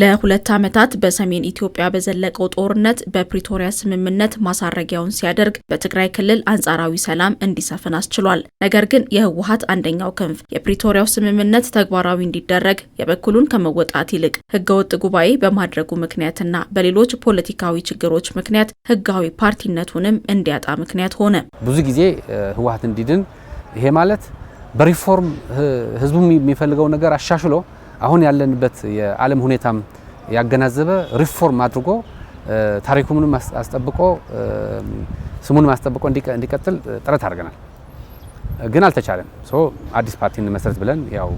ለሁለት ዓመታት በሰሜን ኢትዮጵያ በዘለቀው ጦርነት በፕሪቶሪያ ስምምነት ማሳረጊያውን ሲያደርግ በትግራይ ክልል አንጻራዊ ሰላም እንዲሰፍን አስችሏል። ነገር ግን የህወሀት አንደኛው ክንፍ የፕሪቶሪያው ስምምነት ተግባራዊ እንዲደረግ የበኩሉን ከመወጣት ይልቅ ህገወጥ ጉባኤ በማድረጉ ምክንያትና በሌሎች ፖለቲካዊ ችግሮች ምክንያት ህጋዊ ፓርቲነቱንም እንዲያጣ ምክንያት ሆነ። ብዙ ጊዜ ህወሀት እንዲድን ይሄ ማለት በሪፎርም ህዝቡ የሚፈልገው ነገር አሻሽሎ አሁን ያለንበት የዓለም ሁኔታም ያገናዘበ ሪፎርም አድርጎ ታሪኩንም አስጠብቆ ስሙንም አስጠብቆ እንዲቀጥል ጥረት አድርገናል። ግን አልተቻለም። ሶ አዲስ ፓርቲ እንመስረት ብለን ያው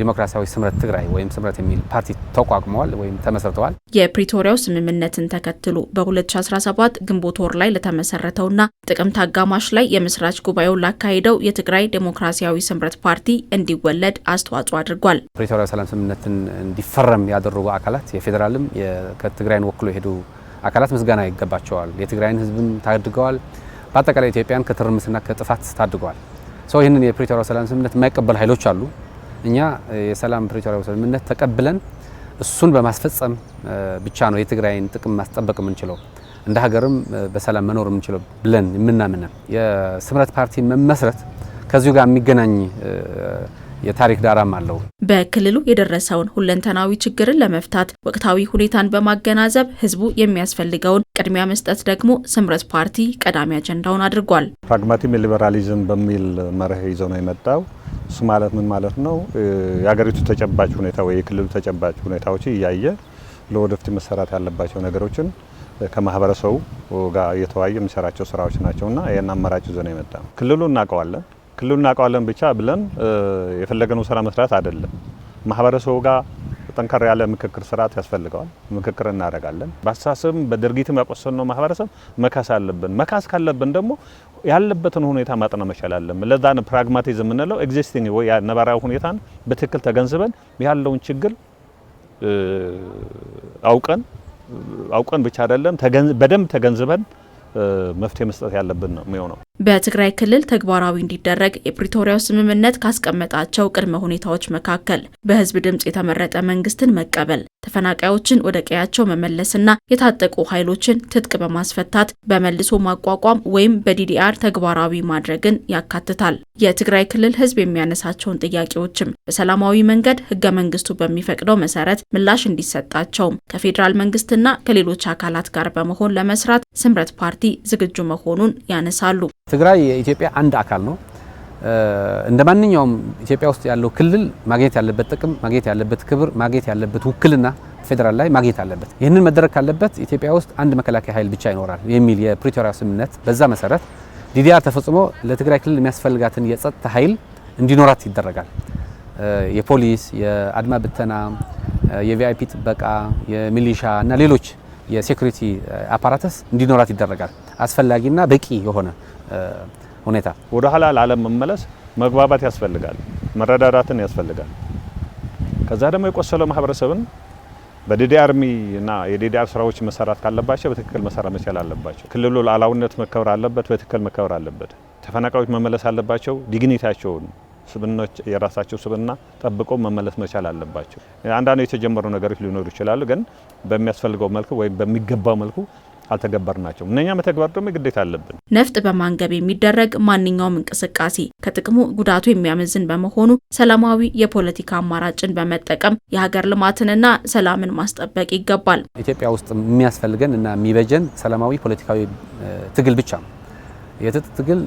ዲሞክራሲያዊ ስምረት ትግራይ ወይም ስምረት የሚል ፓርቲ ተቋቁመዋል ወይም ተመስርተዋል። የፕሪቶሪያው ስምምነትን ተከትሎ በ2017 ግንቦት ወር ላይ ለተመሰረተውና ጥቅምት አጋማሽ ላይ የምስራች ጉባኤው ላካሄደው የትግራይ ዴሞክራሲያዊ ስምረት ፓርቲ እንዲወለድ አስተዋጽኦ አድርጓል። ፕሪቶሪያው ሰላም ስምምነትን እንዲፈረም ያደረጉ አካላት የፌዴራልም ከትግራይን ወክሎ የሄዱ አካላት ምስጋና ይገባቸዋል። የትግራይን ህዝብም ታድገዋል። በአጠቃላይ ኢትዮጵያን ከትርምስና ከጥፋት ታድገዋል። ሰው ይህንን የፕሪቶሪያው ሰላም ስምምነት የማይቀበሉ ኃይሎች አሉ። እኛ የሰላም ፕሪቶሪያው ስምምነት ተቀብለን እሱን በማስፈጸም ብቻ ነው የትግራይን ጥቅም ማስጠበቅ የምንችለው እንደ ሀገርም በሰላም መኖር የምንችለው ብለን የምናምነን የስምረት ፓርቲ መመስረት ከዚሁ ጋር የሚገናኝ የታሪክ ዳራም አለው። በክልሉ የደረሰውን ሁለንተናዊ ችግርን ለመፍታት ወቅታዊ ሁኔታን በማገናዘብ ህዝቡ የሚያስፈልገውን ቅድሚያ መስጠት ደግሞ ስምረት ፓርቲ ቀዳሚ አጀንዳውን አድርጓል። ፕራግማቲም ሊበራሊዝም በሚል መርህ ይዞ ነው የመጣው። እሱ ማለት ምን ማለት ነው? የሀገሪቱ ተጨባጭ ሁኔታ ወይ የክልሉ ተጨባጭ ሁኔታዎች እያየ ለወደፊት መሰራት ያለባቸው ነገሮችን ከማህበረሰቡ ጋር እየተወያየ የሚሰራቸው ስራዎች ናቸውና ይህን አማራጭ ይዞ ነው የመጣ። ክልሉ እናውቀዋለን ክልሉ እናውቀዋለን ብቻ ብለን የፈለገነው ስራ መስራት አይደለም። ማህበረሰቡ ጋር ጠንከር ያለ ምክክር ስርዓት ያስፈልገዋል። ምክክር እናደርጋለን። በአስተሳሰብም በድርጊትም ያቆሰነው ማህበረሰብ መካስ አለብን። መካስ ካለብን ደግሞ ያለበትን ሁኔታ ማጥና መቻል አለብን። ለዛ ነው ፕራግማቲዝም የምንለው። ኤግዚስቲንግ ወይ ነባራዊ ሁኔታን በትክክል ተገንዝበን ያለውን ችግር አውቀን አውቀን ብቻ አይደለም በደንብ ተገንዝበን መፍትሄ መስጠት ያለብን ነው የሚሆነው። በትግራይ ክልል ተግባራዊ እንዲደረግ የፕሪቶሪያው ስምምነት ካስቀመጣቸው ቅድመ ሁኔታዎች መካከል በህዝብ ድምፅ የተመረጠ መንግስትን መቀበል፣ ተፈናቃዮችን ወደ ቀያቸው መመለስና የታጠቁ ኃይሎችን ትጥቅ በማስፈታት በመልሶ ማቋቋም ወይም በዲዲአር ተግባራዊ ማድረግን ያካትታል። የትግራይ ክልል ህዝብ የሚያነሳቸውን ጥያቄዎችም በሰላማዊ መንገድ ህገ መንግስቱ በሚፈቅደው መሰረት ምላሽ እንዲሰጣቸውም ከፌዴራል መንግስትና ከሌሎች አካላት ጋር በመሆን ለመስራት ስምረት ፓርቲ ዝግጁ መሆኑን ያነሳሉ። ትግራይ የኢትዮጵያ አንድ አካል ነው። እንደ ማንኛውም ኢትዮጵያ ውስጥ ያለው ክልል ማግኘት ያለበት ጥቅም፣ ማግኘት ያለበት ክብር፣ ማግኘት ያለበት ውክልና ፌዴራል ላይ ማግኘት አለበት። ይህንን መደረግ ካለበት ኢትዮጵያ ውስጥ አንድ መከላከያ ኃይል ብቻ ይኖራል የሚል የፕሪቶሪያ ስምምነት በዛ መሰረት ዲዲአር ተፈጽሞ ለትግራይ ክልል የሚያስፈልጋትን የጸጥታ ኃይል እንዲኖራት ይደረጋል። የፖሊስ፣ የአድማ ብተና፣ የቪአይፒ ጥበቃ፣ የሚሊሻ እና ሌሎች የሴኩሪቲ አፓራተስ እንዲኖራት ይደረጋል። አስፈላጊና በቂ የሆነ ሁኔታ ወደ ኋላ ላለመመለስ መግባባት ያስፈልጋል፣ መረዳዳትን ያስፈልጋል። ከዛ ደግሞ የቆሰለው ማህበረሰብን በዲዲአር እና የዲዲአር ስራዎች መሰራት ካለባቸው በትክክል መሰራት መቻል አለባቸው። ክልሉ ሉዓላዊነት መከበር አለበት፣ በትክክል መከበር አለበት። ተፈናቃዮች መመለስ አለባቸው። ዲግኒታቸውን ስብናዎች የራሳቸው ስብና ጠብቆ መመለስ መቻል አለባቸው። አንዳንድ የተጀመሩ ነገሮች ሊኖሩ ይችላሉ፣ ግን በሚያስፈልገው መልኩ ወይም በሚገባው መልኩ አልተገበር ናቸው። እነኛ መተግበር ደግሞ ግዴታ አለብን። ነፍጥ በማንገብ የሚደረግ ማንኛውም እንቅስቃሴ ከጥቅሙ ጉዳቱ የሚያመዝን በመሆኑ ሰላማዊ የፖለቲካ አማራጭን በመጠቀም የሀገር ልማትንና ሰላምን ማስጠበቅ ይገባል። ኢትዮጵያ ውስጥ የሚያስፈልገን እና የሚበጀን ሰላማዊ ፖለቲካዊ ትግል ብቻ ነው። የትጥቅ ትግል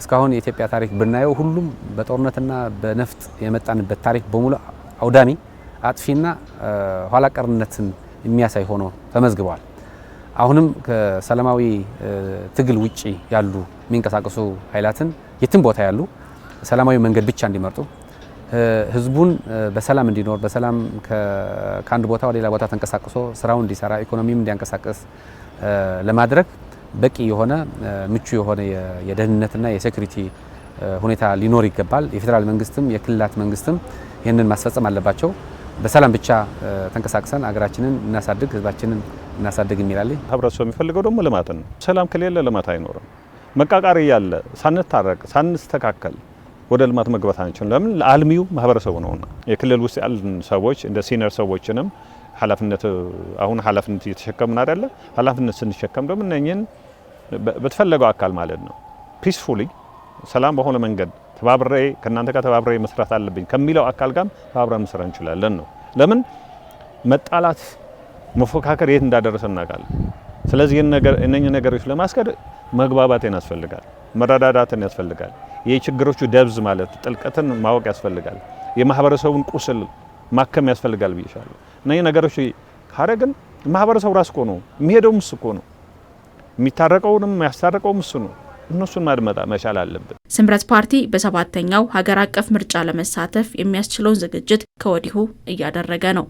እስካሁን የኢትዮጵያ ታሪክ ብናየው ሁሉም በጦርነትና በነፍጥ የመጣንበት ታሪክ በሙሉ አውዳሚ፣ አጥፊና ኋላቀርነትን የሚያሳይ ሆኖ ተመዝግበዋል። አሁንም ከሰላማዊ ትግል ውጪ ያሉ የሚንቀሳቀሱ ኃይላትን የትም ቦታ ያሉ ሰላማዊ መንገድ ብቻ እንዲመርጡ ህዝቡን በሰላም እንዲኖር በሰላም ከአንድ ቦታ ወደ ሌላ ቦታ ተንቀሳቅሶ ስራውን እንዲሰራ ኢኮኖሚም እንዲያንቀሳቀስ ለማድረግ በቂ የሆነ ምቹ የሆነ የደህንነትና የሴኩሪቲ ሁኔታ ሊኖር ይገባል። የፌዴራል መንግስትም የክልላት መንግስትም ይህንን ማስፈጸም አለባቸው። በሰላም ብቻ ተንቀሳቅሰን ሀገራችንን እናሳድግ፣ ህዝባችንን እናሳድግ የሚላል ህብረተሰብ የሚፈልገው ደግሞ ልማትን ነው። ሰላም ከሌለ ልማት አይኖርም። መቃቃሪ ያለ ሳንታረቅ ሳንስተካከል ወደ ልማት መግባት አንችልም። ለምን ለአልሚው ማህበረሰቡ ነውና የክልል ውስጥ ያለን ሰዎች እንደ ሲነር ሰዎችንም ኃላፊነት አሁን ኃላፊነት እየተሸከምን አይደለ? ኃላፊነት ስንሸከም ደግሞ እነኝን በተፈለገው አካል ማለት ነው ፒስፉሊ ሰላም በሆነ መንገድ ተባብሬ ከእናንተ ጋር ተባብሬ መስራት አለብኝ ከሚለው አካል ጋር ተባብረን መስራት እንችላለን ነው። ለምን መጣላት፣ መፎካከር የት እንዳደረሰ እናውቃለን። ስለዚህ እነኝህ ነገሮች ለማስቀድ መግባባትን ያስፈልጋል፣ መረዳዳትን ያስፈልጋል፣ የችግሮቹ ደብዝ ማለት ጥልቀትን ማወቅ ያስፈልጋል፣ የማህበረሰቡን ቁስል ማከም ያስፈልጋል ብዬሻለሁ። እነኝህ ነገሮች ካረግን ማህበረሰቡ ራስ እኮ ነው የሚሄደው ምስ እኮ ነው የሚታረቀውንም ያስታረቀውም እሱ ነው። እነሱን ማድመጣ መቻል አለብን። ስምረት ፓርቲ በሰባተኛው ሀገር አቀፍ ምርጫ ለመሳተፍ የሚያስችለውን ዝግጅት ከወዲሁ እያደረገ ነው።